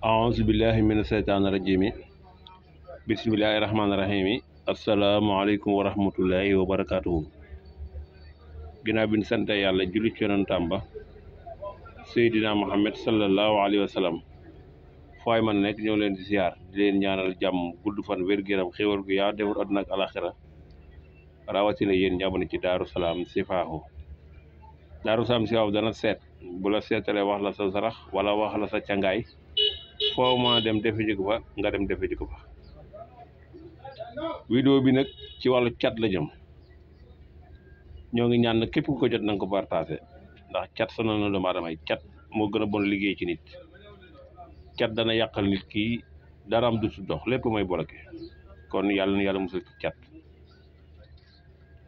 ahousubillahi mina seytaani rajimi bisimillahi rahmaanirahimi asalaamualeykum wa rahmatullahi wa barakatuhu ginnaaw bi ñu sante yàlla julli ci yonentam ba seydina muhammad sallallahu alayhi wa sallam fooy man nekk ñoo leen di ziar di leen ñaanal jàmm gudd fan wér-gu-yaram xéwal gu yaa defar àdduna ak alaxira rawatina yéen njabone ci daaru salaam sifaahu daaru salaam sifaahu dana seet bu la wax la sa sarax wala wax la sa cangaay foo ma dem defe ji fa nga dem defe ji ko fa vidéo bi nag ci wàllu cat la jëm ñoo ngi ñaan nag képp ku ko jot na nga ko partagé ndax cat sonal na doomu aadama cat moo gën a bon liggéey ci nit cat dana yàqal nit ki daraam du su dox lépp mooy bloqué kon yàlla na yàlla musal ci cat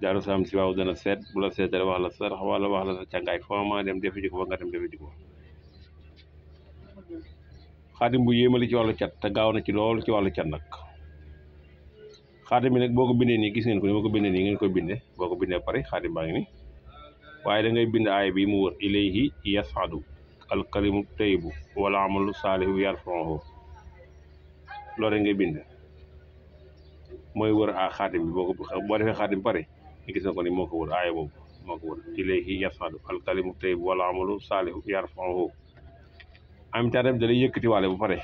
Daaru Salaam si waaw dana seet bu la seetale wax la sa wala wax la sa càngaay foo ma dem defe ji fa nga dem defe ji ko fa xaatim bu yéemali ci wàllu cat te gaaw na ci loolu ci wàllu cat nag xaatim bi nag boo ko bindee nii gis ngeen ko ni ko bindee nii ngeen koy binde boo ko bindee pare xaatim baa ngi ni waaye da ngay bind aay bi mu wër ilayhi yasadu alkalimu tayibu wala amalu saalihu yarfahu loolu ngay bind mooy wër a bi boo ko boo defee xaatim gis ko ni moo ko wër aay en même temps tamit da lay yëkkatiwaale bu pare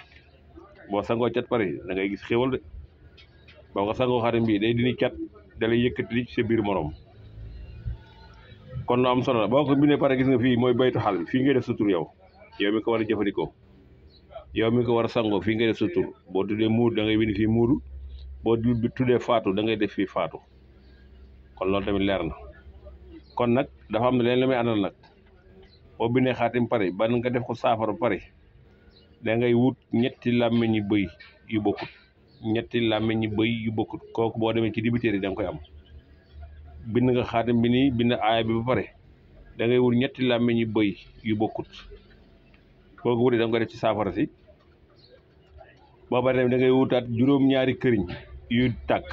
boo sangoo cat pare da ngay gis xéwal de boo nga sangoo xatim bi day dini cat da yëkkati ci sa biir moroom kon lu am solo la boo ko bindee gis nga fii mooy baytu fii ngay def sa yow yow ko war a jëfandikoo yow mi ko war a sangoo fii ngay def boo tuddee muur da ngay bind fii muuru boo tuddee faatu da ngay def fii faatu kon loolu tamit leer na nag dafa am ne leen la may àndal nag boo bindee xaatim pare ban nga def ko saafara pare da ngay wut ñetti làmmiñi bëy yu bokkut ñetti làmmiñi bëy yu bokkut kooku boo demee ci dibiteer yi da nga koy am bind nga xaatim bi nii bind aaya bi ba pare da ngay wut ñetti làmmiñi bëy yu bokkut kooku wutee da nga koy def ci saafara si boo pare tamit da wutaat juróom-ñaari këriñ yu tàkk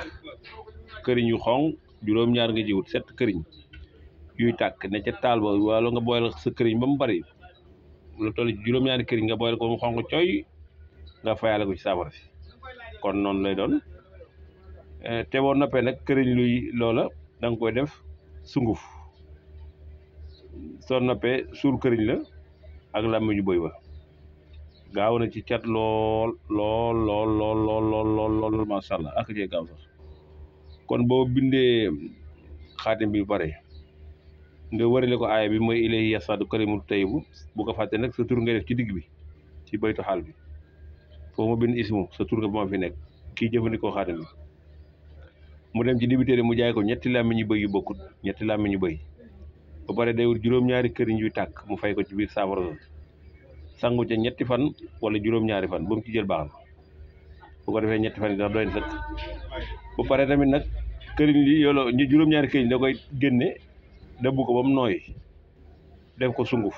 këriñ yu xong juróom-ñaar nga ji set këriñ yuy tàkk ne ca taal ba wala nga boyal sa këriñ ba mu bari lu toll juróom-ñaari nga boyal ko mu xonq cooy ci saafara si kon noonu lay doon eh, te boo noppee nag këriñ luy loola danga koy def sunguf soo noppee suul këriñ la ak làmmiñu boy wa gaaw na ci cat lool lool lool lool lool lool lool macha ak jee gaaw sax kon boo bindee xaatim bi bare nga wërale ko aaya bi mooy ilayhi yasadu kalimul tayyibu bu ko fàtte nag sa tur ngay def ci digg bi ci baytu xaal bi foofu ma bind ismu sa tur nga ba ma fi nekk kii jëfandikoo xaatim bi mu dem ci dibiteeri mu jaay ko ñetti làmmiñu bëy yu bokkut ñetti làmmiñu bëy ba pare day wut juróom-ñaari këriñ yu tàkk mu fay ko ci biir saafara sangu ca ñetti fan wala juróom-ñaari fan ci jël baax na bu ko defee ñetti fan doy na sëkk bu pare tamit nag këriñ li yooloo ñu juróom-ñaari këriñ da koy génne dëbb ko ba mu nooy def ko sunguf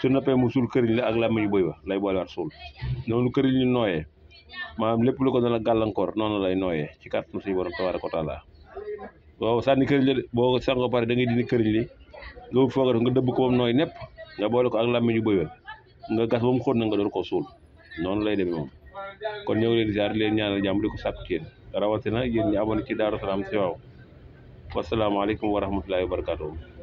su noppee mu suul këriñ la ak làmmiñu bëy ba lay boolewaat suul noonu këriñ li nooyee maanaam lépp lu ko dana gàllankoor noonu lay nooyee ci kàttanu suñu borom tabaaraka wa taala waaw sànni këriñ la boo sangoo pare da ngay dindi këriñ li loolu foog nga dëbb ko ba mu nooy nëpp nga boole ko ak làmmiñu bëy ba nga gas ba mu xóot na nga door ko suul noonu lay demee moom kon ñëw leen ziar leen ñaanal jàmm di ko sàkk ci yéen rawatina yéen ñi abonné ci Daaru Salaam si waaw wasalaamaaleykum wa rahmatullahi wa barakaatu.